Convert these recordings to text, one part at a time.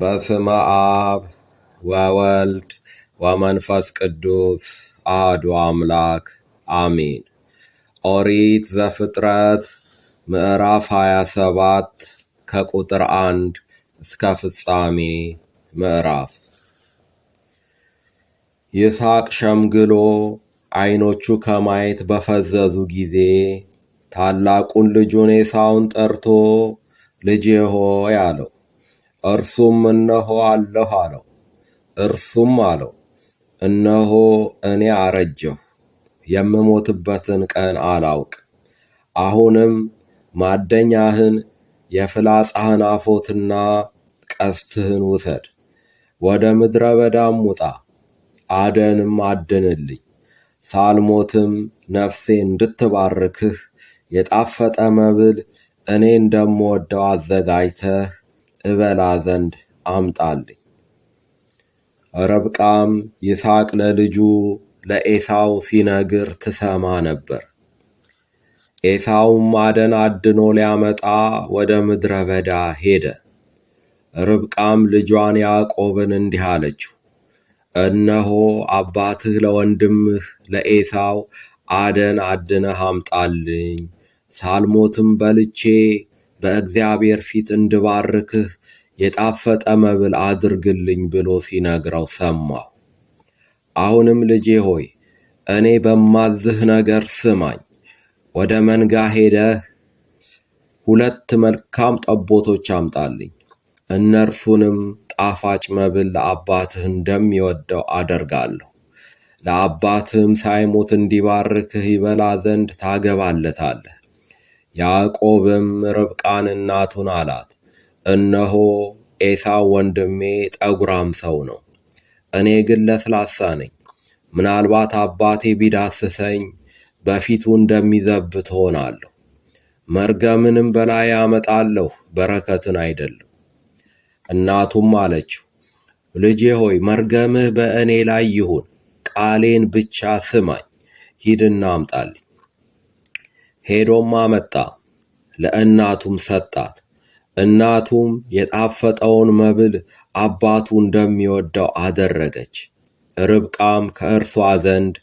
በስመ አብ ወወልድ ወመንፈስ ቅዱስ አህዱ አምላክ አሚን ኦሪት ዘፍጥረት ምዕራፍ 27 ከቁጥር አንድ እስከ ፍጻሜ ምዕራፍ። ይስሐቅ ሸምግሎ ዓይኖቹ ከማየት በፈዘዙ ጊዜ ታላቁን ልጁን ኤሳውን ጠርቶ ልጄ ሆይ አለው። እርሱም እነሆ አለሁ አለው። እርሱም አለው እነሆ እኔ አረጀሁ፣ የምሞትበትን ቀን አላውቅ። አሁንም ማደኛህን የፍላጻህን አፎትና ቀስትህን ውሰድ፣ ወደ ምድረ በዳም ውጣ፣ አደንም አድንልኝ፣ ሳልሞትም ነፍሴ እንድትባርክህ የጣፈጠ መብል እኔ እንደምወደው አዘጋጅተህ እበላ ዘንድ አምጣልኝ። ርብቃም ይስሐቅ ለልጁ ለኤሳው ሲነግር ትሰማ ነበር። ኤሳውም አደን አድኖ ሊያመጣ ወደ ምድረ በዳ ሄደ። ርብቃም ልጇን ያዕቆብን እንዲህ አለችው፣ እነሆ አባትህ ለወንድምህ ለኤሳው አደን አድነህ አምጣልኝ፣ ሳልሞትም በልቼ በእግዚአብሔር ፊት እንድባርክህ የጣፈጠ መብል አድርግልኝ ብሎ ሲነግረው ሰማሁ። አሁንም ልጄ ሆይ እኔ በማዝህ ነገር ስማኝ። ወደ መንጋ ሄደህ ሁለት መልካም ጠቦቶች አምጣልኝ። እነርሱንም ጣፋጭ መብል ለአባትህ እንደሚወደው አደርጋለሁ። ለአባትህም ሳይሞት እንዲባርክህ ይበላ ዘንድ ታገባለታለህ። ያዕቆብም ርብቃን እናቱን አላት፣ እነሆ ኤሳው ወንድሜ ጠጉራም ሰው ነው፣ እኔ ግን ለስላሳ ነኝ። ምናልባት አባቴ ቢዳስሰኝ በፊቱ እንደሚዘብ ትሆናለሁ። መርገምንም በላይ አመጣለሁ፣ በረከትን አይደለም። እናቱም አለችው፣ ልጄ ሆይ መርገምህ በእኔ ላይ ይሁን፣ ቃሌን ብቻ ስማኝ፣ ሂድና አምጣልኝ። ሄዶም አመጣ፣ ለእናቱም ሰጣት። እናቱም የጣፈጠውን መብል አባቱ እንደሚወደው አደረገች። ርብቃም ከእርሷ ዘንድ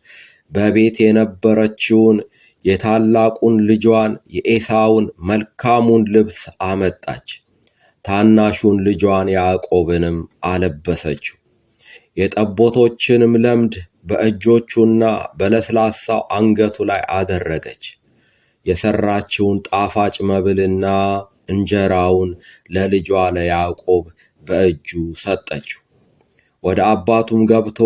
በቤት የነበረችውን የታላቁን ልጇን የኤሳውን መልካሙን ልብስ አመጣች። ታናሹን ልጇን ያዕቆብንም አለበሰችው። የጠቦቶችንም ለምድ በእጆቹና በለስላሳው አንገቱ ላይ አደረገች። የሰራችውን ጣፋጭ መብልና እንጀራውን ለልጇ ለያዕቆብ በእጁ ሰጠችው። ወደ አባቱም ገብቶ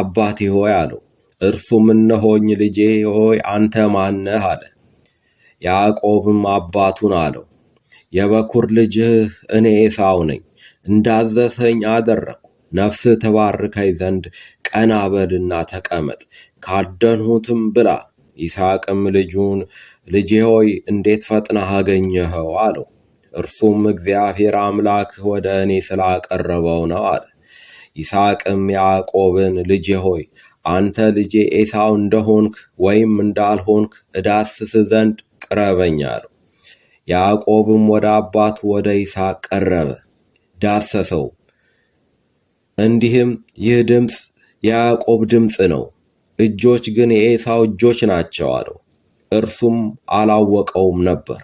አባቴ ሆይ አለው። እርሱም እነሆኝ ልጄ ሆይ አንተ ማነህ አለ። ያዕቆብም አባቱን አለው የበኩር ልጅህ እኔ ኤሳው ነኝ። እንዳዘዝኸኝ አደረግኩ። ነፍስህ ተባርከኝ ዘንድ ቀና በልና ተቀመጥ፣ ካደንሁትም ብላ። ይስሐቅም ልጁን ልጄ ሆይ እንዴት ፈጥነህ አገኘኸው አለው። እርሱም እግዚአብሔር አምላክ ወደ እኔ ስላቀረበው ነው አለ። ይስሐቅም ያዕቆብን ልጄ ሆይ አንተ ልጄ ኤሳው እንደሆንክ ወይም እንዳልሆንክ እዳስስ ዘንድ ቅረበኝ አለው። ያዕቆብም ወደ አባቱ ወደ ይስሐቅ ቀረበ፣ ዳሰሰው። እንዲህም ይህ ድምፅ የያዕቆብ ድምፅ ነው፣ እጆች ግን የኤሳው እጆች ናቸው አለው። እርሱም አላወቀውም ነበር።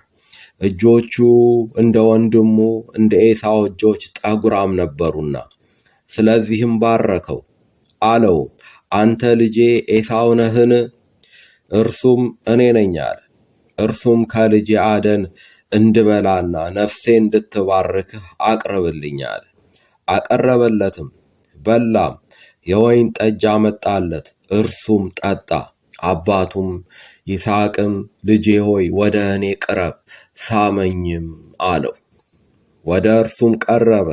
እጆቹ እንደ ወንድሙ እንደ ኤሳው እጆች ጠጉራም ነበሩና፣ ስለዚህም ባረከው አለው፣ አንተ ልጄ ኤሳው ነህን? እርሱም እኔ ነኝ አለ። እርሱም ከልጄ አደን እንድበላና ነፍሴ እንድትባርክህ አቅርብልኝ አለ። አቀረበለትም፣ በላም። የወይን ጠጅ አመጣለት፣ እርሱም ጠጣ። አባቱም ይስሐቅም ልጄ ሆይ ወደ እኔ ቅረብ ሳመኝም አለው። ወደ እርሱም ቀረበ፣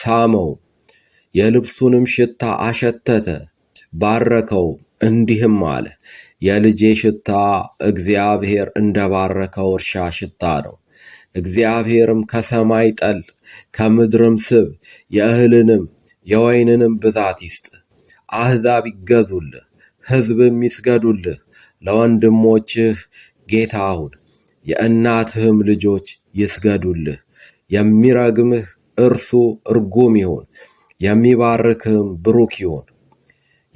ሳመው፣ የልብሱንም ሽታ አሸተተ፣ ባረከው፣ እንዲህም አለ የልጄ ሽታ እግዚአብሔር እንደ ባረከው እርሻ ሽታ ነው። እግዚአብሔርም ከሰማይ ጠል ከምድርም ስብ የእህልንም የወይንንም ብዛት ይስጥ። አሕዛብ ይገዙልህ፣ ሕዝብም ይስገዱልህ። ለወንድሞችህ ጌታ አሁን የእናትህም ልጆች ይስገዱልህ። የሚረግምህ እርሱ እርጉም ይሁን፣ የሚባርክህም ብሩክ ይሁን።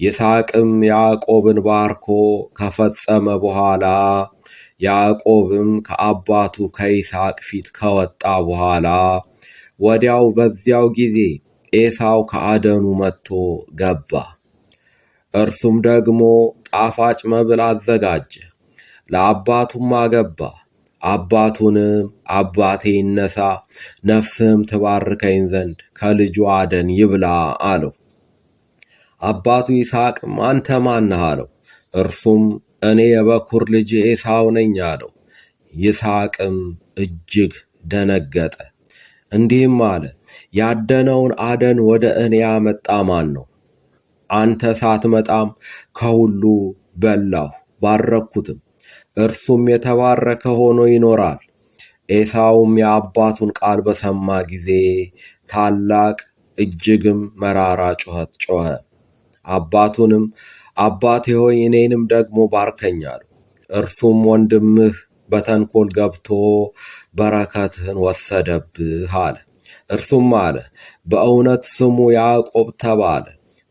ይስሐቅም ያዕቆብን ባርኮ ከፈጸመ በኋላ ያዕቆብም ከአባቱ ከይስሐቅ ፊት ከወጣ በኋላ ወዲያው በዚያው ጊዜ ኤሳው ከአደኑ መጥቶ ገባ። እርሱም ደግሞ ጣፋጭ መብል አዘጋጀ፣ ለአባቱም አገባ። አባቱንም አባቴ ይነሳ፣ ነፍስም ትባርከኝ ዘንድ ከልጁ አደን ይብላ አለው። አባቱ ይስሐቅም አንተ ማነህ አለው። እርሱም እኔ የበኩር ልጅ ኤሳው ነኝ አለው። ይስሐቅም እጅግ ደነገጠ፣ እንዲህም አለ፦ ያደነውን አደን ወደ እኔ ያመጣ ማን ነው? አንተ ሳትመጣም ከሁሉ በላሁ ባረኩትም፣ እርሱም የተባረከ ሆኖ ይኖራል። ኤሳውም የአባቱን ቃል በሰማ ጊዜ ታላቅ እጅግም መራራ ጩኸት ጮኸ። አባቱንም አባቴ ሆይ እኔንም ደግሞ ባርከኛል። እርሱም ወንድምህ በተንኮል ገብቶ በረከትህን ወሰደብህ አለ። እርሱም አለ በእውነት ስሙ ያዕቆብ ተባለ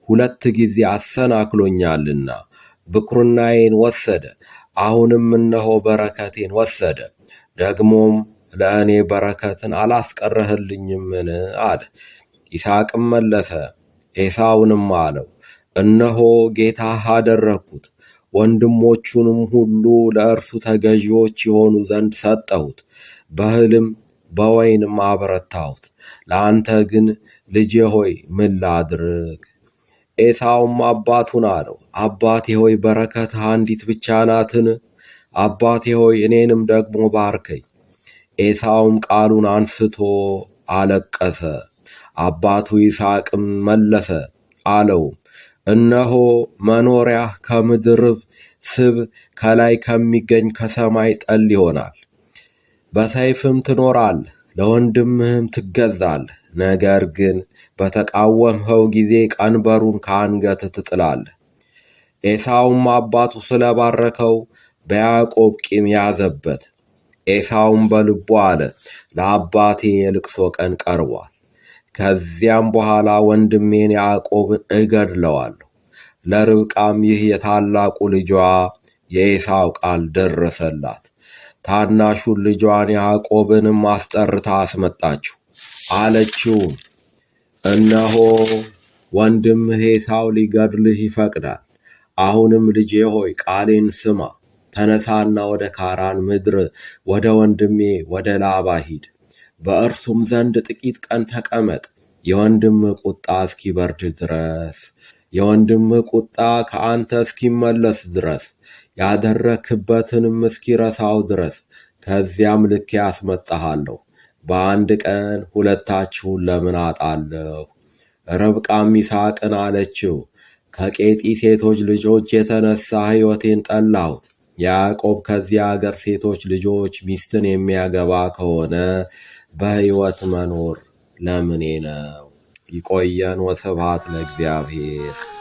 ሁለት ጊዜ አሰናክሎኛልና ብኩርናዬን ወሰደ። አሁንም እነሆ በረከቴን ወሰደ። ደግሞም ለእኔ በረከትን አላስቀረህልኝምን አለ። ይስሐቅም መለሰ ኤሳውንም አለው፣ እነሆ ጌታህ አደረግሁት፣ ወንድሞቹንም ሁሉ ለእርሱ ተገዢዎች የሆኑ ዘንድ ሰጠሁት፣ በእህልም በወይንም አበረታሁት። ለአንተ ግን ልጄ ሆይ ምን ላድርግ? ኤሳውም አባቱን አለው፣ አባቴ ሆይ በረከት አንዲት ብቻ ናትን? አባቴ ሆይ እኔንም ደግሞ ባርከኝ። ኤሳውም ቃሉን አንስቶ አለቀሰ። አባቱ ይስሐቅም መለሰ አለው እነሆ መኖሪያህ ከምድር ስብ ከላይ ከሚገኝ ከሰማይ ጠል ይሆናል። በሰይፍም ትኖራለህ፣ ለወንድምህም ትገዛለህ፣ ነገር ግን በተቃወምኸው ጊዜ ቀንበሩን ከአንገት ትጥላለህ። ኤሳውም አባቱ ስለባረከው በያዕቆብ ቂም ያዘበት። ኤሳውም በልቡ አለ፣ ለአባቴ የልቅሶ ቀን ቀርቧል። ከዚያም በኋላ ወንድሜን ያዕቆብን እገድለዋለሁ። ለርብቃም ይህ የታላቁ ልጇ የኤሳው ቃል ደረሰላት። ታናሹን ልጇን ያዕቆብንም አስጠርታ አስመጣችው። አለችው፣ እነሆ ወንድምህ ኤሳው ሊገድልህ ይፈቅዳል። አሁንም ልጄ ሆይ ቃሌን ስማ፣ ተነሳና ወደ ካራን ምድር ወደ ወንድሜ ወደ ላባ ሂድ። በእርሱም ዘንድ ጥቂት ቀን ተቀመጥ፣ የወንድም ቁጣ እስኪበርድ ድረስ የወንድም ቁጣ ከአንተ እስኪመለስ ድረስ ያደረክበትንም እስኪረሳው ድረስ ከዚያም ልኬ አስመጣሃለሁ። በአንድ ቀን ሁለታችሁን ለምን አጣለሁ? ርብቃም ይስሐቅን አለችው፣ ከቄጢ ሴቶች ልጆች የተነሳ ሕይወቴን ጠላሁት። ያዕቆብ ከዚያ አገር ሴቶች ልጆች ሚስትን የሚያገባ ከሆነ በሕይወት መኖር ለምኔ ነው? ይቆየን። ወስብሐት ለእግዚአብሔር።